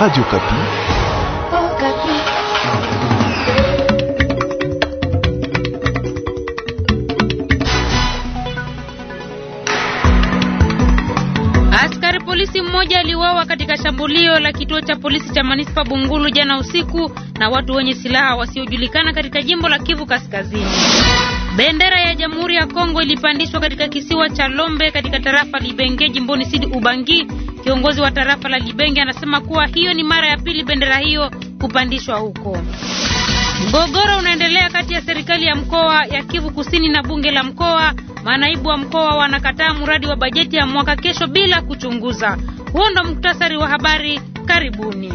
Radio Okapi. Askari polisi mmoja aliuawa katika shambulio la kituo cha polisi cha Manispa Bungulu jana usiku na watu wenye silaha wasiojulikana katika jimbo la Kivu Kaskazini. Bendera ya Jamhuri ya Kongo ilipandishwa katika kisiwa cha Lombe katika tarafa Libenge jimboni Sidi Ubangi Kiongozi wa tarafa la Libenge anasema kuwa hiyo ni mara ya pili bendera hiyo kupandishwa huko. Mgogoro unaendelea kati ya serikali ya mkoa ya Kivu Kusini na bunge la mkoa. Manaibu wa mkoa wanakataa mradi wa bajeti ya mwaka kesho bila kuchunguza. Huo ndo muktasari wa habari. Karibuni.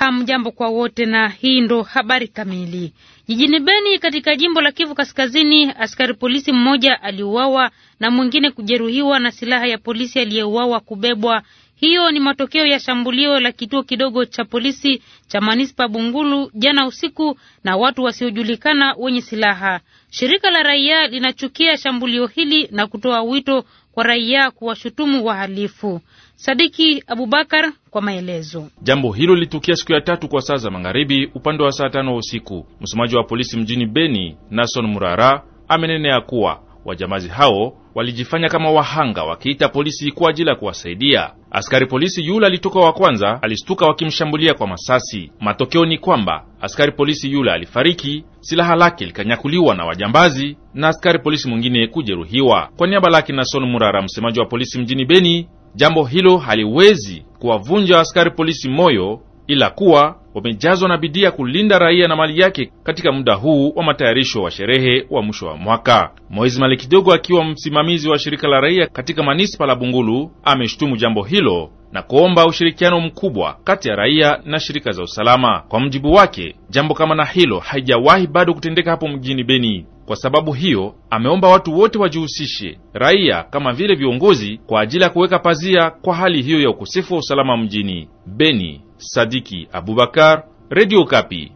Hamjambo kwa wote, na hii ndo habari kamili. Jijini Beni katika jimbo la Kivu Kaskazini, askari polisi mmoja aliuawa na mwingine kujeruhiwa na silaha ya polisi aliyeuawa kubebwa hiyo ni matokeo ya shambulio la kituo kidogo cha polisi cha manispa Bungulu jana usiku na watu wasiojulikana wenye silaha. Shirika la raia linachukia shambulio hili na kutoa wito kwa raia kuwashutumu wahalifu. Sadiki Abubakar kwa maelezo. Jambo hilo lilitukia siku ya tatu kwa saa za magharibi, upande wa saa tano wa usiku. Msemaji wa polisi mjini Beni, Nason Murara, amenenea kuwa Wajambazi hao walijifanya kama wahanga, wakiita polisi kwa ajili ya kuwasaidia. Askari polisi yule alitoka wa kwanza alistuka wakimshambulia kwa masasi. Matokeo ni kwamba askari polisi yule alifariki, silaha lake likanyakuliwa na wajambazi na askari polisi mwingine kujeruhiwa. Kwa niaba lake Nason Murara, msemaji wa polisi mjini Beni, jambo hilo haliwezi kuwavunja askari polisi moyo ila kuwa wamejazwa na bidii ya kulinda raia na mali yake katika muda huu wa matayarisho wa sherehe wa mwisho wa mwaka. Moizi Male Kidogo akiwa msimamizi wa shirika la raia katika manispa la Bungulu ameshtumu jambo hilo na kuomba ushirikiano mkubwa kati ya raia na shirika za usalama. Kwa mjibu wake, jambo kama na hilo haijawahi bado kutendeka hapo mjini Beni. Kwa sababu hiyo, ameomba watu wote wajihusishe, raia kama vile viongozi, kwa ajili ya kuweka pazia kwa hali hiyo ya ukosefu wa usalama mjini Beni. Sadiki Abubakar, Radio Kapi.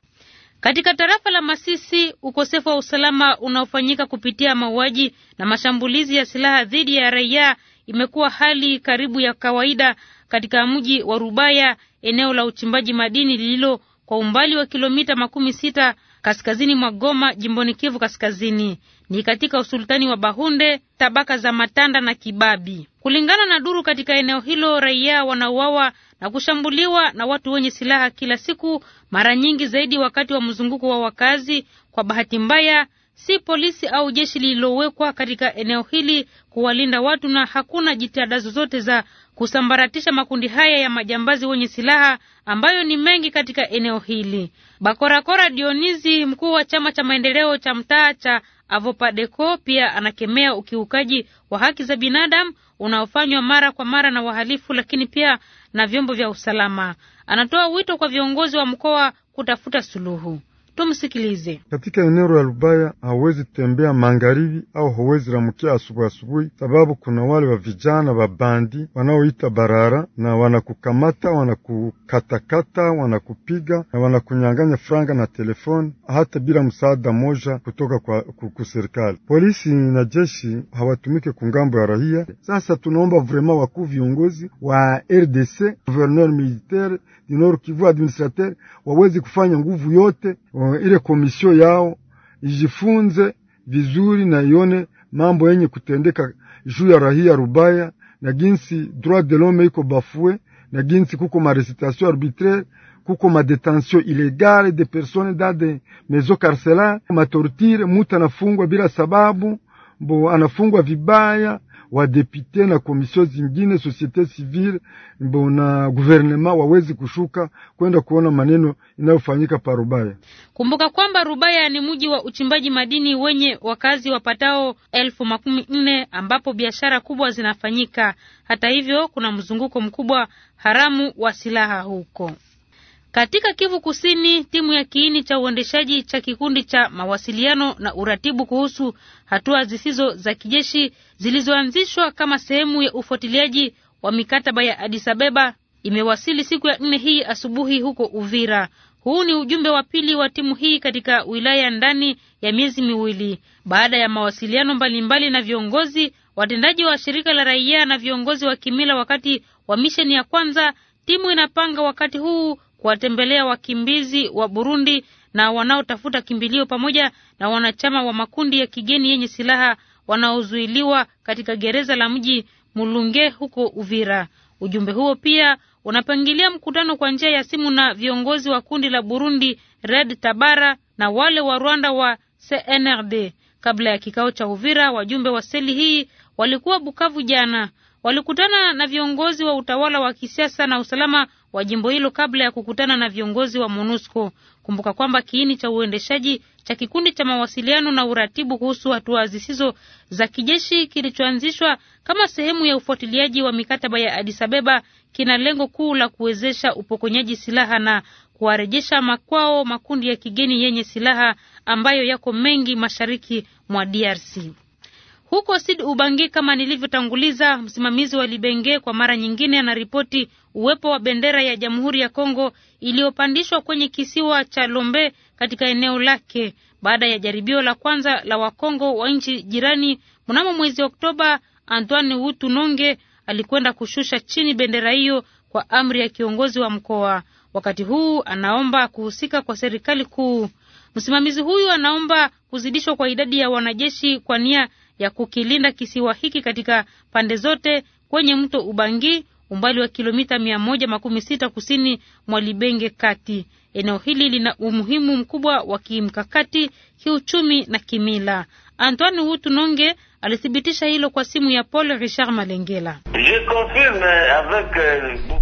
Katika tarafa la Masisi, ukosefu wa usalama unaofanyika kupitia mauaji na mashambulizi ya silaha dhidi ya raia imekuwa hali karibu ya kawaida katika mji wa Rubaya, eneo la uchimbaji madini lililo kwa umbali wa kilomita makumi sita kaskazini mwa Goma, jimboni Kivu Kaskazini. Ni katika usultani wa Bahunde, tabaka za Matanda na Kibabi. Kulingana na duru katika eneo hilo, raia wanauawa na kushambuliwa na watu wenye silaha kila siku, mara nyingi zaidi wakati wa mzunguko wa wakazi. Kwa bahati mbaya, si polisi au jeshi lililowekwa katika eneo hili kuwalinda watu, na hakuna jitihada zozote za kusambaratisha makundi haya ya majambazi wenye silaha ambayo ni mengi katika eneo hili. Bakorakora Dionizi, mkuu wa chama cha maendeleo cha mtaa cha Avopadeco, pia anakemea ukiukaji wa haki za binadamu unaofanywa mara kwa mara na wahalifu, lakini pia na vyombo vya usalama. Anatoa wito kwa viongozi wa mkoa kutafuta suluhu. Tumsikilize. Katika eneo la Lubaya hawezi tembea mangaribi au hawezi ramukia asubuhi asubuhi, sababu kuna wale wa vijana wa bandi wanaoita barara, na wanakukamata wanakukatakata, wanakupiga na wanakunyang'anya franga na telefoni, hata bila msaada moja kutoka kwa serikali. Polisi na jeshi hawatumike kungambo ya raia. Sasa tunaomba vrema wakuu viongozi wa RDC, gouverneur militaire du Nord Kivu, administrateur wawezi kufanya nguvu yote wa ile komisio yao ijifunze vizuri na ione mambo yenye kutendeka juu ya rahia Rubaya na ginsi droit de l'homme iko bafue na ginsi kuko marecitation arbitraire kuko madetention illegale de personnes da de maisons carcérales, matorture mutu anafungwa bila sababu, bo anafungwa vibaya wadepute na komisio zingine societe civile na guvernema wawezi kushuka kwenda kuona maneno inayofanyika pa Rubaya. Kumbuka kwamba Rubaya ni mji wa uchimbaji madini wenye wakazi wapatao elfu makumi nne ambapo biashara kubwa zinafanyika. Hata hivyo, kuna mzunguko mkubwa haramu wa silaha huko. Katika Kivu Kusini, timu ya kiini cha uendeshaji cha kikundi cha mawasiliano na uratibu kuhusu hatua zisizo za kijeshi zilizoanzishwa kama sehemu ya ufuatiliaji wa mikataba ya Addis Ababa imewasili siku ya nne hii asubuhi huko Uvira. Huu ni ujumbe wa pili wa timu hii katika wilaya ndani ya miezi miwili, baada ya mawasiliano mbalimbali na viongozi watendaji wa shirika la raia na viongozi wa kimila wakati wa misheni ya kwanza. Timu inapanga wakati huu kuwatembelea wakimbizi wa Burundi na wanaotafuta kimbilio pamoja na wanachama wa makundi ya kigeni yenye silaha wanaozuiliwa katika gereza la mji Mulunge huko Uvira. Ujumbe huo pia unapangilia mkutano kwa njia ya simu na viongozi wa kundi la Burundi Red Tabara na wale wa Rwanda wa CNRD. Kabla ya kikao cha Uvira, wajumbe wa seli hii walikuwa Bukavu jana, walikutana na viongozi wa utawala wa kisiasa na usalama wa jimbo hilo kabla ya kukutana na viongozi wa MONUSCO. Kumbuka kwamba kiini cha uendeshaji cha kikundi cha mawasiliano na uratibu kuhusu hatua zisizo za kijeshi kilichoanzishwa kama sehemu ya ufuatiliaji wa mikataba ya Addis Ababa kina lengo kuu la kuwezesha upokonyaji silaha na kuwarejesha makwao makundi ya kigeni yenye silaha ambayo yako mengi mashariki mwa DRC. Huko Sid Ubangi, kama nilivyotanguliza, msimamizi wa Libenge kwa mara nyingine anaripoti uwepo wa bendera ya Jamhuri ya Kongo iliyopandishwa kwenye kisiwa cha Lombe katika eneo lake baada ya jaribio la kwanza la Wakongo wa nchi jirani mnamo mwezi Oktoba. Antoine Wutu Nonge alikwenda kushusha chini bendera hiyo kwa amri ya kiongozi wa mkoa. Wakati huu anaomba kuhusika kwa serikali kuu. Msimamizi huyu anaomba kuzidishwa kwa idadi ya wanajeshi kwa nia ya kukilinda kisiwa hiki katika pande zote kwenye mto Ubangi umbali wa kilomita 116 kusini mwa Libenge kati. Eneo hili lina umuhimu mkubwa wa kimkakati, kiuchumi na kimila. Antoine Hutu Nonge Alithibitisha hilo kwa simu ya Paul Richard Malengela. Euh,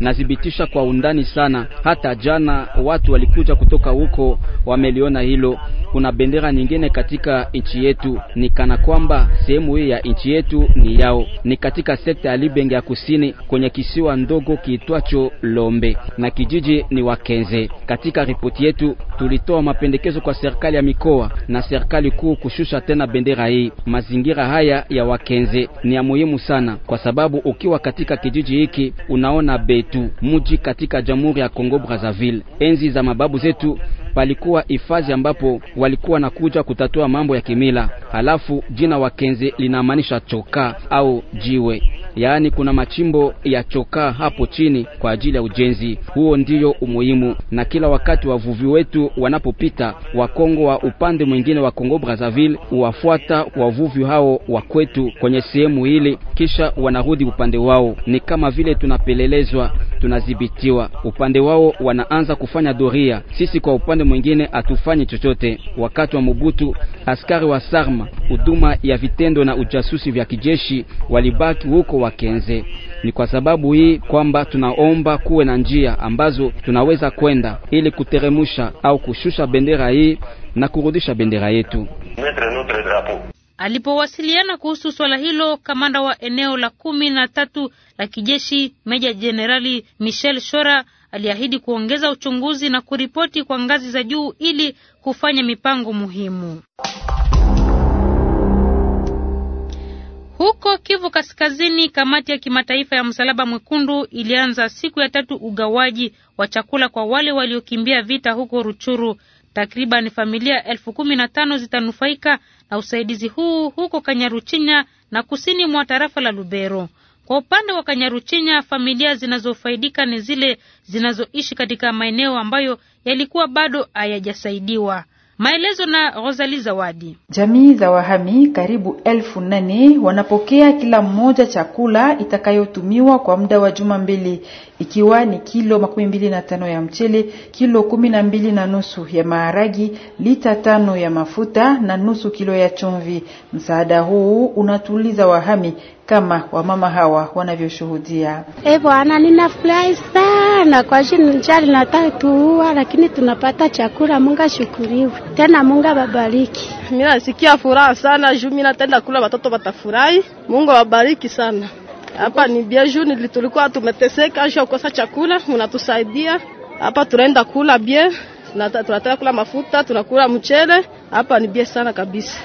Nathibitisha kwa undani sana, hata jana watu walikuja kutoka huko wameliona hilo. Kuna bendera nyingine katika nchi yetu, ni kana kwamba sehemu hii ya nchi yetu ni yao. Ni katika sekta ya Libenge ya kusini kwenye kisiwa ndogo kiitwacho Lombe na kijiji ni Wakenze. Katika ripoti yetu tulitoa mapendekezo kwa serikali ya mikoa na serikali kuu kushusha tena bendera hii. Mazingira haya afya ya Wakenze ni ya muhimu sana, kwa sababu ukiwa katika kijiji hiki unaona Betu, mji katika Jamhuri ya Kongo Brazzaville, enzi za mababu zetu palikuwa hifadhi ambapo walikuwa nakuja kutatua mambo ya kimila. Halafu jina Wakenzi linamaanisha chokaa au jiwe, yaani kuna machimbo ya chokaa hapo chini kwa ajili ya ujenzi. Huo ndiyo umuhimu, na kila wakati wavuvi wetu wanapopita, Wakongo wa upande mwingine wa Kongo Brazzaville wafuata wavuvi hao wa kwetu kwenye sehemu hili, kisha wanarudi upande wao. Ni kama vile tunapelelezwa tunadhibitiwa. Upande wao wanaanza kufanya doria, sisi kwa upande mwingine hatufanyi chochote. Wakati wa Mobutu, askari wa Sarma, huduma ya vitendo na ujasusi vya kijeshi walibaki huko Wakenze. Ni kwa sababu hii kwamba tunaomba kuwe na njia ambazo tunaweza kwenda ili kuteremusha au kushusha bendera hii na kurudisha bendera yetu. Alipowasiliana kuhusu swala hilo, kamanda wa eneo la kumi na tatu la kijeshi meja jenerali Michel Shora aliahidi kuongeza uchunguzi na kuripoti kwa ngazi za juu ili kufanya mipango muhimu. Huko Kivu Kaskazini, kamati ya kimataifa ya Msalaba Mwekundu ilianza siku ya tatu ugawaji wa chakula kwa wale waliokimbia vita huko Ruchuru. Takriban familia elfu kumi na tano zitanufaika na usaidizi huu huko Kanyaruchinya na kusini mwa tarafa la Lubero. Kwa upande wa Kanyaruchinya, familia zinazofaidika ni zile zinazoishi katika maeneo ambayo yalikuwa bado hayajasaidiwa. Maelezo na Rosali Zawadi. Jamii za wahami karibu elfu nane wanapokea kila mmoja chakula itakayotumiwa kwa muda wa juma mbili, ikiwa ni kilo makumi mbili na tano ya mchele, kilo kumi na mbili na nusu ya maharagi, lita tano ya mafuta na nusu kilo ya chumvi. Msaada huu unatuliza wahami kama wamama hawa wanavyoshuhudia. E bwana, ninafurahi sana kwa jini njaa linatatuua, lakini tunapata chakula. Mungu ashukuriwe tena, Mungu babariki Mimi nasikia furaha sana juu mimi natenda kula, watoto watafurahi. Mungu awabariki sana. Hapa ni bieju nili tumeteseka juu kukosa chakula, unatusaidia hapa, tunaenda kula bie, tunataka kula mafuta, tunakula mchele hapa, ni bie sana kabisa.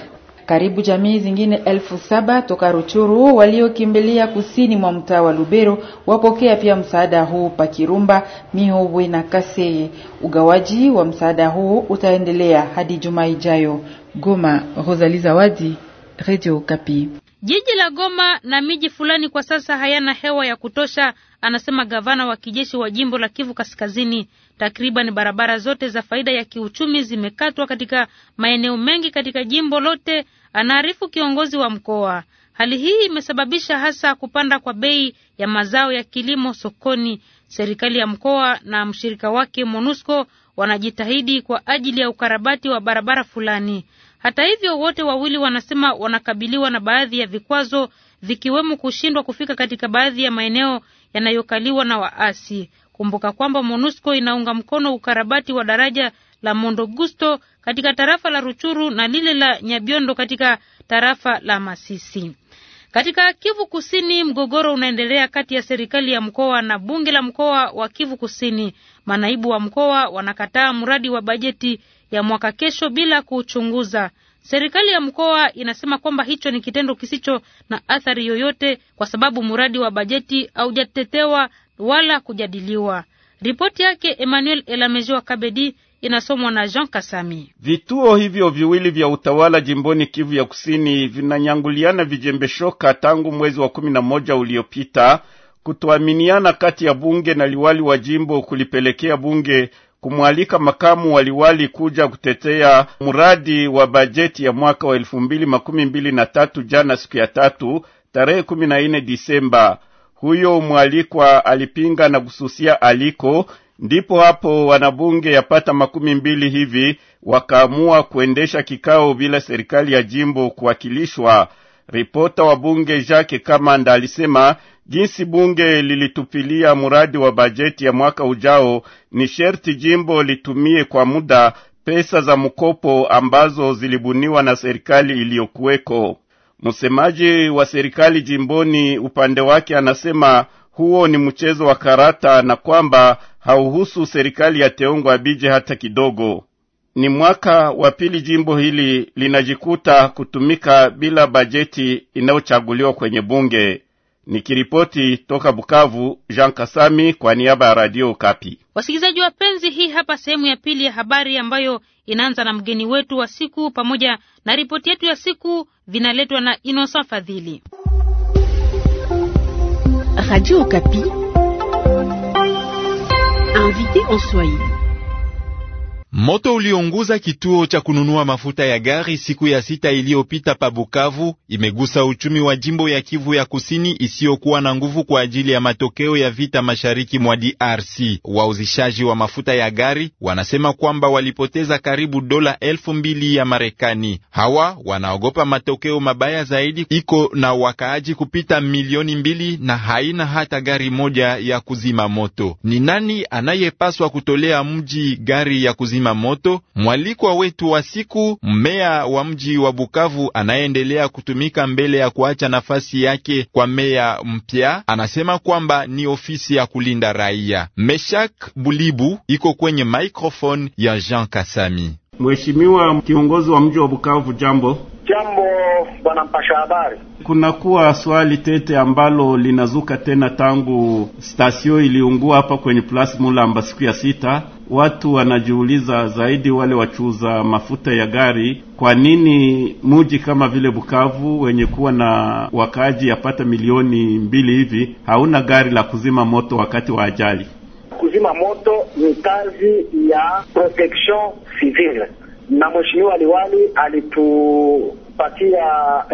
Karibu jamii zingine elfu saba toka Ruchuru waliokimbilia kusini mwa mtaa wa Lubero wapokea pia msaada huu Pakirumba, Mihowe na Kaseye. Ugawaji wa msaada huu utaendelea hadi juma ijayo. Goma, Rosali Zawadi, Radio Kapi. Jiji la Goma na miji fulani kwa sasa hayana hewa ya kutosha anasema gavana wa kijeshi wa jimbo la Kivu Kaskazini. Takriban barabara zote za faida ya kiuchumi zimekatwa katika maeneo mengi katika jimbo lote, anaarifu kiongozi wa mkoa. Hali hii imesababisha hasa kupanda kwa bei ya mazao ya kilimo sokoni. Serikali ya mkoa na mshirika wake MONUSCO wanajitahidi kwa ajili ya ukarabati wa barabara fulani. Hata hivyo, wote wawili wanasema wanakabiliwa na baadhi ya vikwazo, vikiwemo kushindwa kufika katika baadhi ya maeneo yanayokaliwa na waasi. Kumbuka kwamba MONUSCO inaunga mkono ukarabati wa daraja la Mondo Gusto katika tarafa la Ruchuru na lile la Nyabiondo katika tarafa la Masisi. Katika Kivu Kusini, mgogoro unaendelea kati ya serikali ya mkoa na bunge la mkoa wa Kivu Kusini. Manaibu wa mkoa wanakataa mradi wa bajeti ya mwaka kesho bila kuuchunguza. Serikali ya mkoa inasema kwamba hicho ni kitendo kisicho na athari yoyote kwa sababu mradi wa bajeti haujatetewa wala kujadiliwa. Ripoti yake Emmanuel Elamejiwa Kabedi inasomwa na Jean Kasami. Vituo hivyo viwili vya utawala jimboni Kivu ya Kusini vinanyanguliana vijembeshoka tangu mwezi wa kumi na moja uliopita. Kutoaminiana kati ya bunge na liwali wa jimbo kulipelekea bunge kumwalika makamu waliwali kuja kutetea mradi wa bajeti ya mwaka wa elfu mbili makumi mbili na tatu jana siku ya tatu tarehe kumi na nne Disemba. Huyo mwalikwa alipinga na kususia aliko, ndipo hapo wanabunge yapata makumi mbili hivi wakaamua kuendesha kikao bila serikali ya jimbo kuwakilishwa. Ripota wa bunge Jacques Kamanda alisema jinsi bunge lilitupilia mradi wa bajeti ya mwaka ujao, ni sherti jimbo litumie kwa muda pesa za mkopo ambazo zilibuniwa na serikali iliyokuweko. Msemaji wa serikali jimboni upande wake anasema huo ni mchezo wa karata na kwamba hauhusu serikali ya teongo abije hata kidogo. Ni mwaka wa pili jimbo hili linajikuta kutumika bila bajeti inayochaguliwa kwenye bunge. Nikiripoti toka Bukavu, Jean Kasami kwa niaba ya Radio Kapi. Wasikilizaji wapenzi, hii hapa sehemu ya pili ya habari ambayo inaanza na mgeni wetu wa siku pamoja na ripoti yetu ya siku, vinaletwa na Inosa Fadhili, Radio Kapi, invité en Swahili. Moto uliounguza kituo cha kununua mafuta ya gari siku ya sita iliyopita pa Bukavu imegusa uchumi wa jimbo ya Kivu ya Kusini isiyokuwa na nguvu kwa ajili ya matokeo ya vita mashariki mwa DRC. Wauzishaji wa mafuta ya gari wanasema kwamba walipoteza karibu dola elfu mbili ya Marekani. Hawa wanaogopa matokeo mabaya zaidi. Iko na wakaaji kupita milioni mbili na haina hata gari moja ya kuzima moto. Ni nani anayepaswa kutolea mji gari ya kuzima kuzima moto. Mwalikwa wetu wa siku, meya wa mji wa Bukavu anayeendelea kutumika mbele ya kuacha nafasi yake kwa meya mpya, anasema kwamba ni ofisi ya kulinda raia. Meshak Bulibu iko kwenye microphone ya Jean Kasami. Mheshimiwa kiongozi wa mji wa Bukavu, jambo. Jambo bwana mpasha habari. Kunakuwa swali tete ambalo linazuka tena tangu stasio iliungua hapa kwenye Place Mulamba siku ya sita. Watu wanajiuliza zaidi, wale wachuuza mafuta ya gari, kwa nini muji kama vile Bukavu wenye kuwa na wakaaji yapata milioni mbili hivi hauna gari la kuzima moto wakati wa ajali? kuzima moto ni kazi ya protection civile, na mheshimiwa liwali alitupatia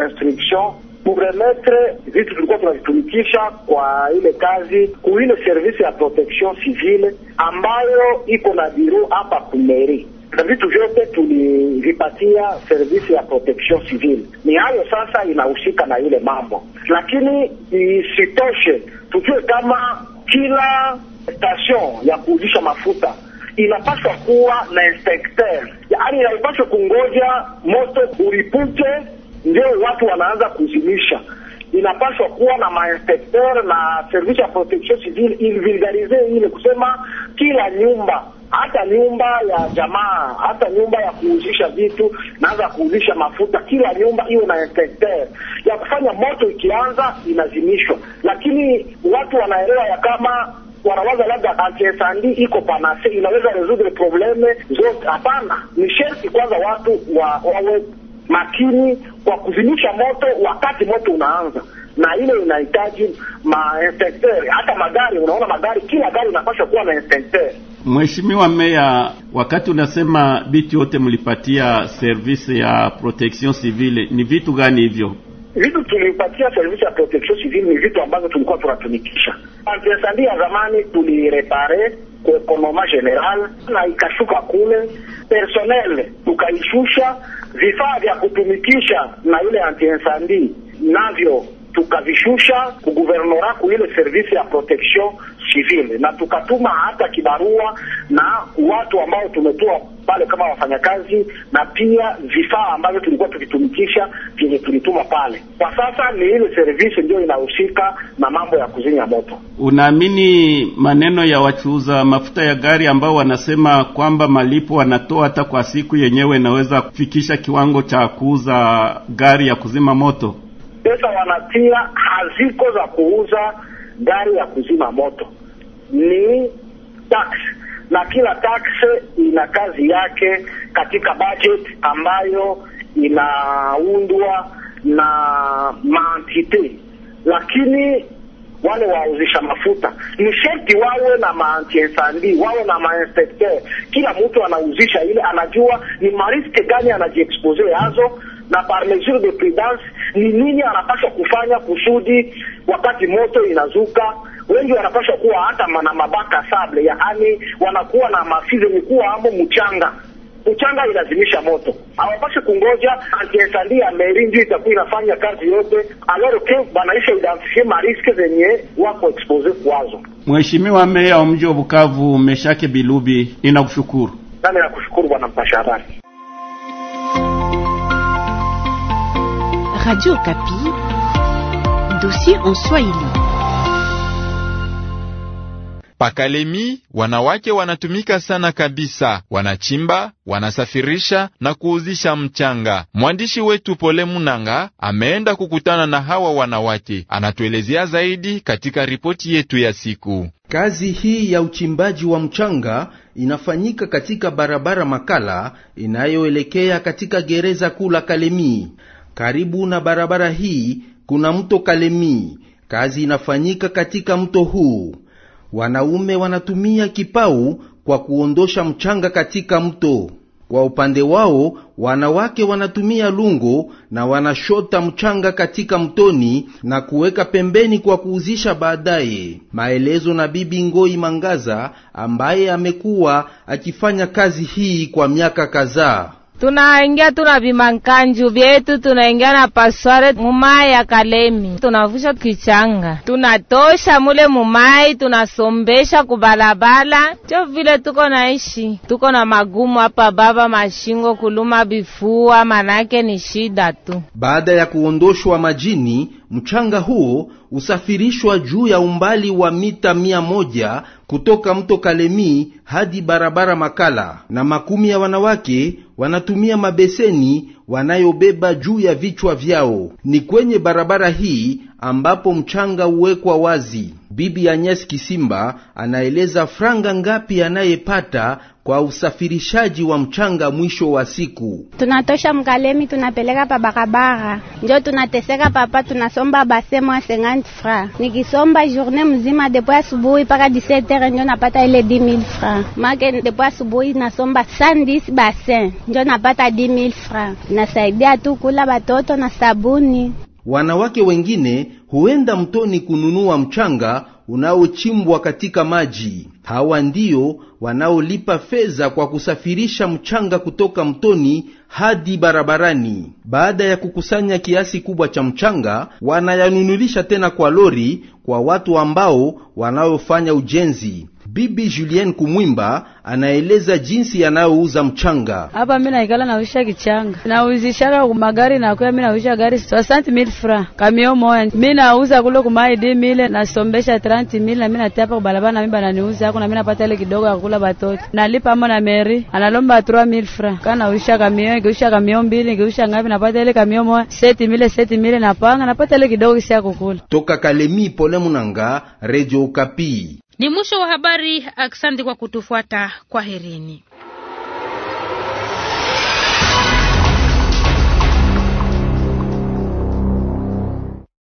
instruction kuremetre vitu tulikuwa tunavitumikisha kwa ile kazi kuile service ya protection civile ambayo iko na biro hapa kumeri na vitu vyote tulivipatia service ya protection civile. Ni hayo sasa inahusika na ile mambo, lakini isitoshe tujue kama kila station ya kuuzisha mafuta inapaswa kuwa na inspector, yaani inaipaswa kungoja moto uripute ndio watu wanaanza kuzimisha. Inapaswa kuwa na mainspecteur na service ya protection civile ilivulgarize ile kusema kila nyumba hata nyumba ya jamaa hata nyumba ya kuuzisha vitu naanza kuuzisha mafuta, kila nyumba iwe na inspekter ya kufanya moto ikianza inazimishwa, lakini watu wanaelewa ya kama wanawaza labda antiesandi iko panase inaweza resoudre probleme zote. Hapana, ni sherti kwanza watu wa, wawe makini kwa kuzimisha moto wakati moto unaanza, na ile inahitaji mainspecteur. Hata magari, unaona magari, kila gari inapaswa kuwa na inspecteur. Mheshimiwa Meya, wakati unasema bitu yote mlipatia service ya protection civile, ni vitu gani hivyo? vitu tulipatia service ya protection civile ni vitu ambazo tulikuwa tunatumikisha antiensandi ya zamani, tulirepare kwa ekonoma general na ikashuka kule, personnel tukaishusha, vifaa vya kutumikisha na ile antiensandi navyo tukavishusha kuguvernora ile service ya protection civile, na tukatuma hata kibarua na watu ambao tumetoa pale kama wafanyakazi na pia vifaa ambavyo tulikuwa tukitumikisha vyenye tulituma pale. Kwa sasa ni ile service ndio inahusika na mambo ya kuzinya moto. Unaamini maneno ya wachuuza mafuta ya gari ambao wanasema kwamba malipo wanatoa hata kwa siku yenyewe inaweza kufikisha kiwango cha kuuza gari ya kuzima moto? pesa wanatia haziko za kuuza gari ya kuzima moto, ni tax, na kila tax ina kazi yake katika budget ambayo inaundwa na maantite, lakini wale wauzisha mafuta ni sharti wawe na maantiesandi, wawe na mainspecteur. Kila mtu anauzisha ile, anajua ni mariske gani anajiexpose yazo na par mesure de prudence, ni nini anapaswa kufanya kusudi wakati moto inazuka wengi wanapaswa kuwa hata na mabaka sable, yaani wanakuwa na mafizi ni kuwa amo mchanga mchanga ilazimisha moto, hawapashe kungoja antiesandi ya meri ndio itakuwa inafanya kazi yote, alors ke banaisha identifie mariske zenye wako expose kwazo. Mheshimiwa Meya wa mji wa Bukavu, Meshake Bilubi, ninakushukuru nami nakushukuru bwana mpasha habari. Radio Kapi. Dossier en Swahili. Pakalemi, wanawake wanatumika sana kabisa, wanachimba, wanasafirisha na kuuzisha mchanga. Mwandishi wetu Pole Munanga ameenda kukutana na hawa wanawake, anatuelezea zaidi katika ripoti yetu ya siku. Kazi hii ya uchimbaji wa mchanga inafanyika katika barabara Makala inayoelekea katika gereza kuu la Kalemi. Karibu na barabara hii kuna mto Kalemi. Kazi inafanyika katika mto huu. Wanaume wanatumia kipau kwa kuondosha mchanga katika mto. Kwa upande wao, wanawake wanatumia lungo na wanashota mchanga katika mtoni na kuweka pembeni kwa kuuzisha baadaye. Maelezo na Bibi Ngoi Mangaza ambaye amekuwa akifanya kazi hii kwa miaka kadhaa tunaingia tuna vimankanju vyetu, tunaingia na pasware mumai ya Kalemi, tunavusha kichanga, tunatosha mule mumai, tunasombesha kubalabala. Cho vile tuko naishi, tuko na magumu hapa, baba mashingo kuluma bifua, manake ni shida tu. Baada ya kuondoshwa majini, mchanga huo usafirishwa juu ya umbali wa mita mia moja kutoka mto Kalemi hadi barabara Makala, na makumi ya wanawake wanatumia mabeseni wanayobeba juu ya vichwa vyao. Ni kwenye barabara hii ambapo mchanga uwekwa wazi. Bibi Anyes Kisimba anaeleza franga ngapi anayepata kwa usafirishaji wa mchanga. Mwisho wa siku tunatosha mkalemi, tunapeleka pa barabara, njo tunateseka papa, tunasomba basemo a 50 fra, nikisomba journe mzima depo asubuhi mpaka 17h, njo napata ile 10000 fra make depo asubuhi nasomba 110 basin, njo napata 10000 fra, nasaidia tu kula batoto na sabuni. Wanawake wengine huenda mtoni kununua mchanga unaochimbwa katika maji. Hawa ndiyo wanaolipa fedha kwa kusafirisha mchanga kutoka mtoni hadi barabarani. Baada ya kukusanya kiasi kubwa cha mchanga, wanayanunulisha tena kwa lori kwa watu ambao wanaofanya ujenzi. Bibi julien Kumwimba anaeleza jinsi anayouza mchanga hapa. Mimi naikala nauzisha kichanga, nauzishaka kumagari nakuya, mimi nauzisha gari 60000 francs kamio moya. Mimi nauza kule kumai 10000 nasombesha 30000 na mimi natapa kubalabana, na mimi bananiuza hako, na napata ile kidogo ya kula batoto, nalipa amo na meri analomba 3000 francs kana nauzisha kamio, ngiusha kamio mbili, ngiusha ngapi, napata ile kamio moya 7000 7000 napanga, napata ile kidogo kisia kukula. Toka Kalemi Pole Munanga, Radio Okapi. Ni mwisho wa habari. Asante kwa kutufuata. Kwaherini.